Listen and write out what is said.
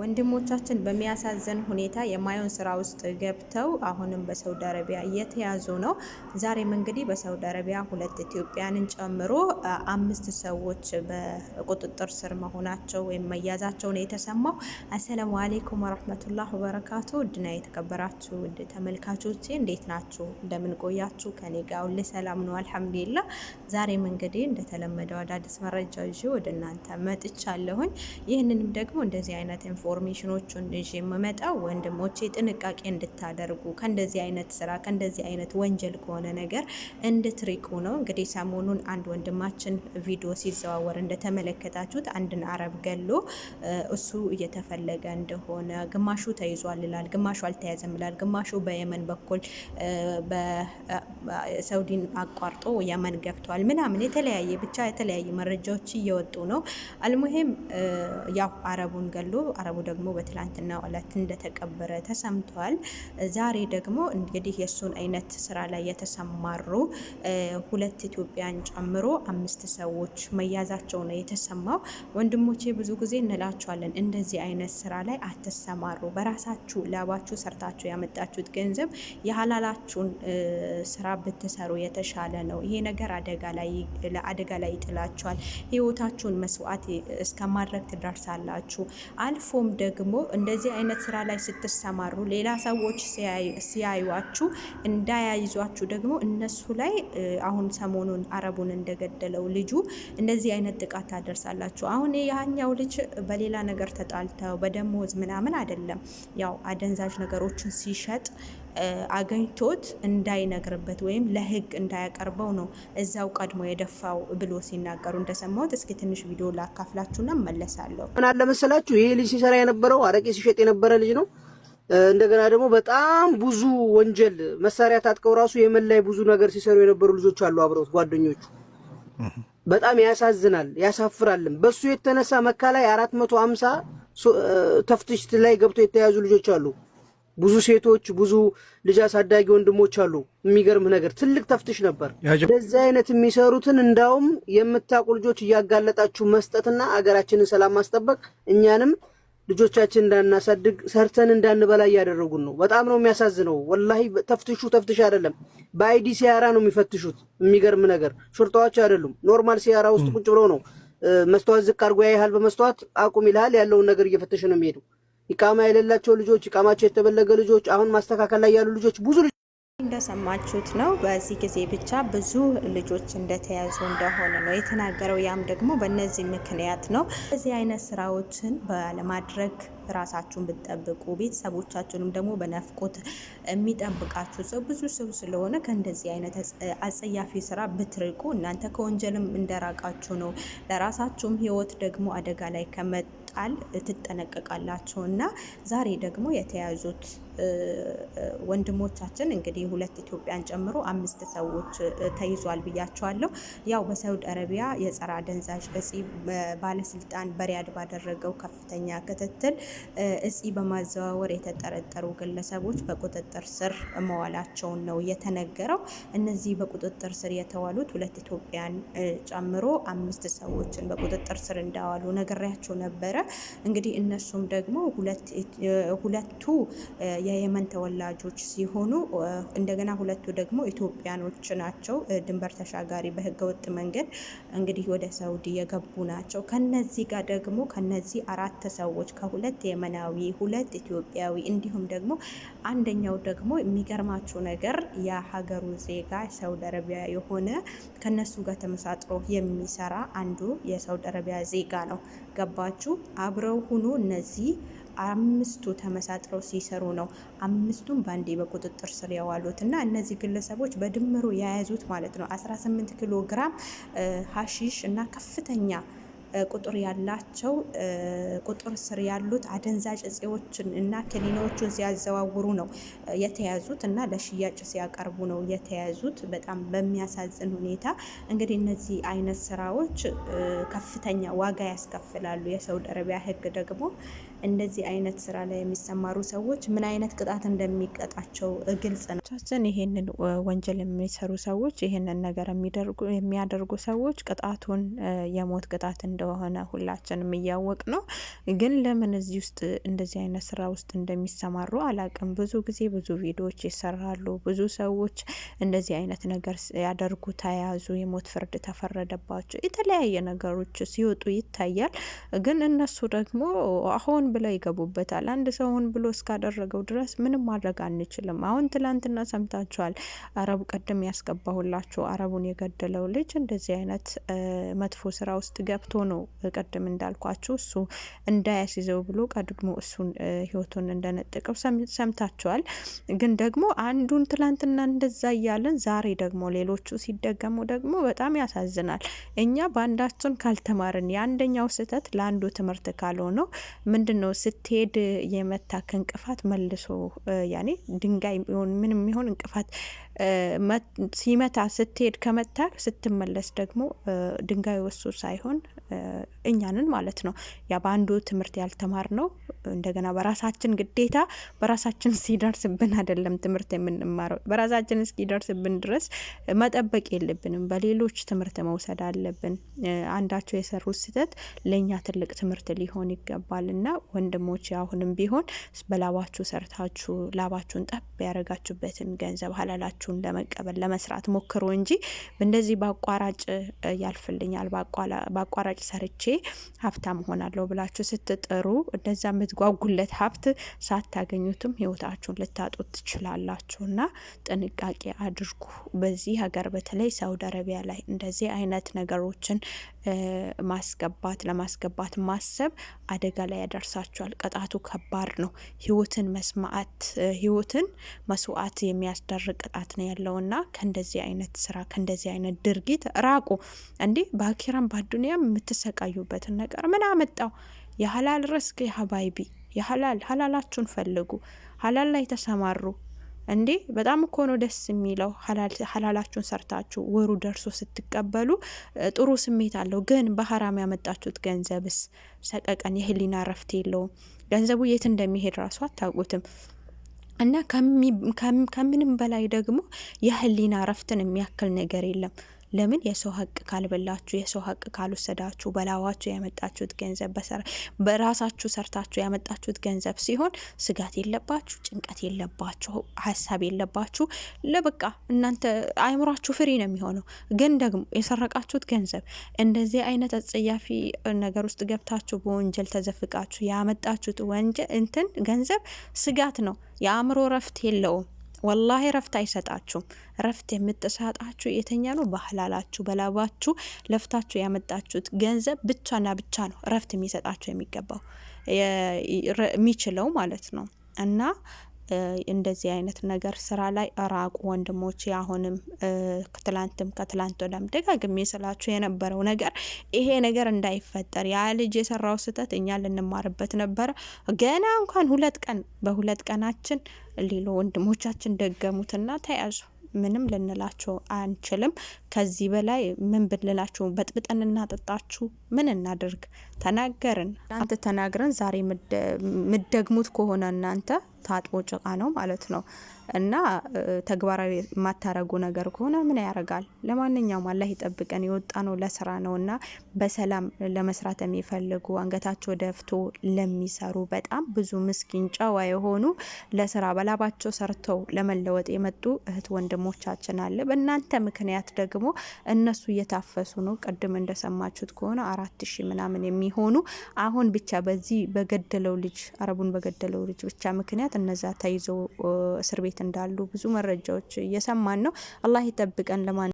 ወንድሞቻችን በሚያሳዝን ሁኔታ የማየውን ስራ ውስጥ ገብተው አሁንም በሳውዲ አረቢያ እየተያዙ ነው። ዛሬም እንግዲህ በሳውዲ አረቢያ ሁለት ኢትዮጵያንን ጨምሮ አምስት ሰዎች በቁጥጥር ስር መሆናቸው ወይም መያዛቸው ነው የተሰማው። አሰላሙ አሌይኩም ወረህመቱላህ ወበረካቱ። ውድና የተከበራችሁ ውድ ተመልካቾቼ እንዴት ናችሁ? እንደምን ቆያችሁ? ከኔ ጋር ሁሌ ሰላም ነው አልሐምዱሊላ። ዛሬም እንግዲህ እንደተለመደው አዳዲስ መረጃ ይዤ ወደ እናንተ መጥቻለሁኝ። ይህንንም ደግሞ እንደዚህ አይነት ኢንፎ ኢንፎርሜሽኖቹን ይዤ የምመጣው ወንድሞቼ ጥንቃቄ እንድታደርጉ ከእንደዚህ አይነት ስራ ከእንደዚህ አይነት ወንጀል ከሆነ ነገር እንድትሪቁ ነው። እንግዲህ ሰሞኑን አንድ ወንድማችን ቪዲዮ ሲዘዋወር እንደተመለከታችሁት አንድን አረብ ገሎ እሱ እየተፈለገ እንደሆነ ግማሹ ተይዟል ይላል፣ ግማሹ አልተያዘም ይላል፣ ግማሹ በየመን በኩል በሰውዲን አቋርጦ የመን ገብቷል ምናምን የተለያየ ብቻ የተለያየ መረጃዎች እየወጡ ነው። አልሙሄም ያው አረቡን ገሎ አረቡ ደግሞ በትላንትና ዕለት እንደተቀበረ ተሰምቷል። ዛሬ ደግሞ እንግዲህ የእሱን አይነት ስራ ላይ የተሰማሩ ሁለት ኢትዮጵያን ጨምሮ አምስት ሰዎች መያዛቸው ነው የተሰማው። ወንድሞቼ ብዙ ጊዜ እንላቸዋለን እንደዚህ አይነት ስራ ላይ አትሰማሩ፣ በራሳችሁ ላባችሁ ሰርታችሁ ያመጣችሁት ገንዘብ የሀላላችሁን ስራ ብትሰሩ የተሻለ ነው። ይሄ ነገር አደጋ ላይ ይጥላችኋል። ህይወታችሁን መስዋዕት እስከማድረግ ትዳርሳላችሁ ትደርሳላችሁ አልፎ እንዲሁም ደግሞ እንደዚህ አይነት ስራ ላይ ስትሰማሩ ሌላ ሰዎች ሲያዩዋችሁ እንዳያይዟችሁ ደግሞ እነሱ ላይ አሁን ሰሞኑን አረቡን እንደገደለው ልጁ እንደዚህ አይነት ጥቃት ታደርሳላችሁ። አሁን ያኛው ልጅ በሌላ ነገር ተጣልተው በደሞዝ ምናምን አይደለም ያው አደንዛዥ ነገሮችን ሲሸጥ አገኝቶት እንዳይነግርበት ወይም ለህግ እንዳያቀርበው ነው እዛው ቀድሞ የደፋው ብሎ ሲናገሩ እንደሰማሁት። እስኪ ትንሽ ቪዲዮ ላካፍላችሁና መለሳለሁ። ምን አለ መሰላችሁ ይሄ ልጅ ሲሰራ የነበረው አረቄ ሲሸጥ የነበረ ልጅ ነው። እንደገና ደግሞ በጣም ብዙ ወንጀል መሳሪያ ታጥቀው ራሱ የመላይ ብዙ ነገር ሲሰሩ የነበሩ ልጆች አሉ አብረውት ጓደኞቹ። በጣም ያሳዝናል ያሳፍራልም። በሱ የተነሳ መካ ላይ አራት መቶ ሀምሳ ተፍትሽ ላይ ገብተው የተያዙ ልጆች አሉ። ብዙ ሴቶች ብዙ ልጅ አሳዳጊ ወንድሞች አሉ። የሚገርም ነገር ትልቅ ተፍትሽ ነበር። እንደዚህ አይነት የሚሰሩትን እንዳውም የምታውቁ ልጆች እያጋለጣችሁ መስጠትና አገራችንን ሰላም ማስጠበቅ እኛንም ልጆቻችን እንዳናሳድግ ሰርተን እንዳንበላ እያደረጉን ነው። በጣም ነው የሚያሳዝነው። ወላሂ ተፍትሹ ተፍትሽ አይደለም፣ በአይዲ ሲያራ ነው የሚፈትሹት። የሚገርም ነገር ሹርጣዎች አይደሉም። ኖርማል ሲያራ ውስጥ ቁጭ ብለው ነው። መስተዋት ዝቅ አድርጎ ያይሃል፣ በመስተዋት አቁም ይልሃል። ያለውን ነገር እየፈተሽ ነው የሚሄዱ ኢቃማ የሌላቸው ልጆች፣ ኢቃማቸው የተበለገ ልጆች፣ አሁን ማስተካከል ላይ ያሉ ልጆች ብዙ እንደሰማችሁት ነው። በዚህ ጊዜ ብቻ ብዙ ልጆች እንደተያዙ እንደሆነ ነው የተናገረው። ያም ደግሞ በእነዚህ ምክንያት ነው። በዚህ አይነት ስራዎችን ባለማድረግ ራሳችሁን ብትጠብቁ ቤተሰቦቻችሁንም ደግሞ በነፍቆት የሚጠብቃችሁ ሰው ብዙ ሰው ስለሆነ ከእንደዚህ አይነት አጸያፊ ስራ ብትርቁ እናንተ ከወንጀልም እንደራቃችሁ ነው። ለራሳችሁም ህይወት ደግሞ አደጋ ላይ ከመጣል ትጠነቀቃላችሁ እና ዛሬ ደግሞ የተያዙት ወንድሞቻችን እንግዲህ ሁለት ኢትዮጵያን ጨምሮ አምስት ሰዎች ተይዟል ብያቸዋለሁ። ያው በሳውዲ አረቢያ የጸረ አደንዛዥ እጽ ባለስልጣን በሪያድ ባደረገው ከፍተኛ ክትትል እጽ በማዘዋወር የተጠረጠሩ ግለሰቦች በቁጥጥር ስር መዋላቸውን ነው የተነገረው። እነዚህ በቁጥጥር ስር የተዋሉት ሁለት ኢትዮጵያን ጨምሮ አምስት ሰዎችን በቁጥጥር ስር እንዳዋሉ ነግሬያቸው ነበረ። እንግዲህ እነሱም ደግሞ ሁለቱ የየመን ተወላጆች ሲሆኑ እንደገና ሁለቱ ደግሞ ኢትዮጵያኖች ናቸው። ድንበር ተሻጋሪ በህገወጥ መንገድ እንግዲህ ወደ ሳውዲ የገቡ ናቸው። ከነዚህ ጋር ደግሞ ከነዚህ አራት ሰዎች ከሁለት የመናዊ፣ ሁለት ኢትዮጵያዊ እንዲሁም ደግሞ አንደኛው ደግሞ የሚገርማችሁ ነገር የሀገሩ ዜጋ ሳውዲ አረቢያ የሆነ ከነሱ ጋር ተመሳጥሮ የሚሰራ አንዱ የሳውዲ አረቢያ ዜጋ ነው። ገባችሁ? አብረው ሁኑ። እነዚህ አምስቱ ተመሳጥረው ሲሰሩ ነው አምስቱም በአንዴ በቁጥጥር ስር የዋሉት እና እነዚህ ግለሰቦች በድምሩ የያዙት ማለት ነው 18 ኪሎ ግራም ሀሺሽ እና ከፍተኛ ቁጥር ያላቸው ቁጥር ስር ያሉት አደንዛዥ እጽዎችን እና ክኒኖቹን ሲያዘዋውሩ ነው የተያዙት እና ለሽያጭ ሲያቀርቡ ነው የተያዙት። በጣም በሚያሳዝን ሁኔታ እንግዲህ እነዚህ አይነት ስራዎች ከፍተኛ ዋጋ ያስከፍላሉ። የሳውዲ አረቢያ ህግ ደግሞ እንደዚህ አይነት ስራ ላይ የሚሰማሩ ሰዎች ምን አይነት ቅጣት እንደሚቀጣቸው ግልጽ ነው። ቻችን ይሄንን ወንጀል የሚሰሩ ሰዎች ይሄንን ነገር የሚያደርጉ ሰዎች ቅጣቱን የሞት ቅጣት እንደሆነ ሁላችንም እያወቅ ነው። ግን ለምን እዚህ ውስጥ እንደዚህ አይነት ስራ ውስጥ እንደሚሰማሩ አላቅም። ብዙ ጊዜ ብዙ ቪዲዮዎች ይሰራሉ። ብዙ ሰዎች እንደዚህ አይነት ነገር ያደርጉ፣ ተያዙ፣ የሞት ፍርድ ተፈረደባቸው፣ የተለያየ ነገሮች ሲወጡ ይታያል። ግን እነሱ ደግሞ አሁን ብለው ይገቡበታል። አንድ ሰው ሆን ብሎ እስካደረገው ድረስ ምንም ማድረግ አንችልም። አሁን ትላንትና ሰምታችኋል። አረቡ ቀደም ያስገባሁላችሁ አረቡን የገደለው ልጅ እንደዚህ አይነት መጥፎ ስራ ውስጥ ገብቶ ነው ቀደም እንዳልኳችሁ እሱ እንዳያስይዘው ብሎ ቀድሞ እሱን ህይወቱን እንደነጠቀው ሰምታችኋል። ግን ደግሞ አንዱን ትላንትና እንደዛ እያለን ዛሬ ደግሞ ሌሎቹ ሲደገሙ ደግሞ በጣም ያሳዝናል። እኛ በአንዳችን ካልተማርን የአንደኛው ስህተት ለአንዱ ትምህርት ካልሆነው ምንድን ነው ስትሄድ የመታክ እንቅፋት መልሶ ያኔ ድንጋይ ምንም ይሆን እንቅፋት ሲመታ ስትሄድ ከመታ ስትመለስ ደግሞ ድንጋይ ወሱ ሳይሆን እኛንን ማለት ነው። ያ በአንዱ ትምህርት ያልተማር ነው እንደገና በራሳችን ግዴታ በራሳችን ሲደርስብን አይደለም ትምህርት የምንማረው በራሳችን እስኪደርስብን ድረስ መጠበቅ የለብንም። በሌሎች ትምህርት መውሰድ አለብን። አንዳቸው የሰሩት ስህተት ለእኛ ትልቅ ትምህርት ሊሆን ይገባል እና ወንድሞች አሁንም ቢሆን በላባችሁ ሰርታችሁ ላባችሁን ጠብ ያደረጋችሁበትን ገንዘብ ሀላላችሁን ለመቀበል ለመስራት ሞክሩ እንጂ እንደዚህ በአቋራጭ ያልፍልኛል፣ በአቋራጭ ሰርቼ ሀብታም ሆናለሁ ብላችሁ ስትጥሩ እንደዛ የምትጓጉለት ሀብት ሳታገኙትም ህይወታችሁን ልታጡ ትችላላችሁና ጥንቃቄ አድርጉ። በዚህ ሀገር በተለይ ሳውዲ አረቢያ ላይ እንደዚህ አይነት ነገሮችን ማስገባት ለማስገባት ማሰብ አደጋ ላይ ያደርሳችኋል። ቅጣቱ ከባድ ነው። ህይወትን መስማት ህይወትን መስዋዕት የሚያስደርግ ቅጣት ነው ያለውና ከእንደዚህ አይነት ስራ ከእንደዚህ አይነት ድርጊት ራቁ። እንዴ በአኪራም በአዱንያም የምትሰቃዩበትን ነገር ምን አመጣው? የሀላል ርስክ የሀባይቢ የሀላል ሀላላችሁን ፈልጉ። ሀላል ላይ ተሰማሩ። እንዴ በጣም እኮ ነው ደስ የሚለው። ሀላላችሁን ሰርታችሁ ወሩ ደርሶ ስትቀበሉ ጥሩ ስሜት አለው። ግን በሀራም ያመጣችሁት ገንዘብስ ሰቀቀን፣ የህሊና ረፍት የለውም። ገንዘቡ የት እንደሚሄድ ራሱ አታውቁትም። እና ከምንም በላይ ደግሞ የህሊና ረፍትን የሚያክል ነገር የለም። ለምን የሰው ሀቅ ካልበላችሁ፣ የሰው ሀቅ ካልወሰዳችሁ፣ በላዋችሁ ያመጣችሁት ገንዘብ በራሳችሁ ሰርታችሁ ያመጣችሁት ገንዘብ ሲሆን ስጋት የለባችሁ፣ ጭንቀት የለባችሁ፣ ሀሳብ የለባችሁ። ለበቃ እናንተ አይምሯችሁ ፍሪ ነው የሚሆነው። ግን ደግሞ የሰረቃችሁት ገንዘብ እንደዚህ አይነት አጸያፊ ነገር ውስጥ ገብታችሁ በወንጀል ተዘፍቃችሁ ያመጣችሁት ወንጀል እንትን ገንዘብ ስጋት ነው፣ የአእምሮ እረፍት የለውም። ወላሂ እረፍት አይሰጣችሁም። እረፍት የምትሰጣችሁ የተኛ ነው ባህላላችሁ፣ በላባችሁ ለፍታችሁ ያመጣችሁት ገንዘብ ብቻና ብቻ ነው እረፍት የሚሰጣችሁ የሚገባው የሚችለው ማለት ነው እና እንደዚህ አይነት ነገር ስራ ላይ ራቁ ወንድሞቼ። አሁንም ትላንትም ከትላንት ወዳም ደጋግሜ ስላችሁ የነበረው ነገር ይሄ ነገር እንዳይፈጠር ያ ልጅ የሰራው ስህተት እኛ ልንማርበት ነበረ። ገና እንኳን ሁለት ቀን በሁለት ቀናችን ሌሎ ወንድሞቻችን ደገሙትና ተያዙ። ምንም ልንላቸው አንችልም። ከዚህ በላይ ምን ብንላቸው? በጥብጠን እናጠጣችሁ ምን እናድርግ? ተናገርን እናንተ ተናግረን ዛሬ ምደግሙት ከሆነ እናንተ ታጥቦ ጭቃ ነው ማለት ነው። እና ተግባራዊ የማታረጉ ነገር ከሆነ ምን ያደርጋል? ለማንኛውም አላህ ይጠብቀን። የወጣ ነው ለስራ ነው እና በሰላም ለመስራት የሚፈልጉ አንገታቸው ደፍቶ ለሚሰሩ በጣም ብዙ ምስኪን ጨዋ የሆኑ ለስራ በላባቸው ሰርተው ለመለወጥ የመጡ እህት ወንድሞቻችን አለ። በእናንተ ምክንያት ደግሞ እነሱ እየታፈሱ ነው። ቅድም እንደሰማችሁት ከሆነ አራት ሺ ምናምን የሚሆኑ አሁን ብቻ በዚህ በገደለው ልጅ አረቡን በገደለው ልጅ ብቻ ምክንያት እነዛ ተይዘው እስር ቤት እንዳሉ ብዙ መረጃዎች እየሰማን ነው። አላህ ይጠብቀን ለማን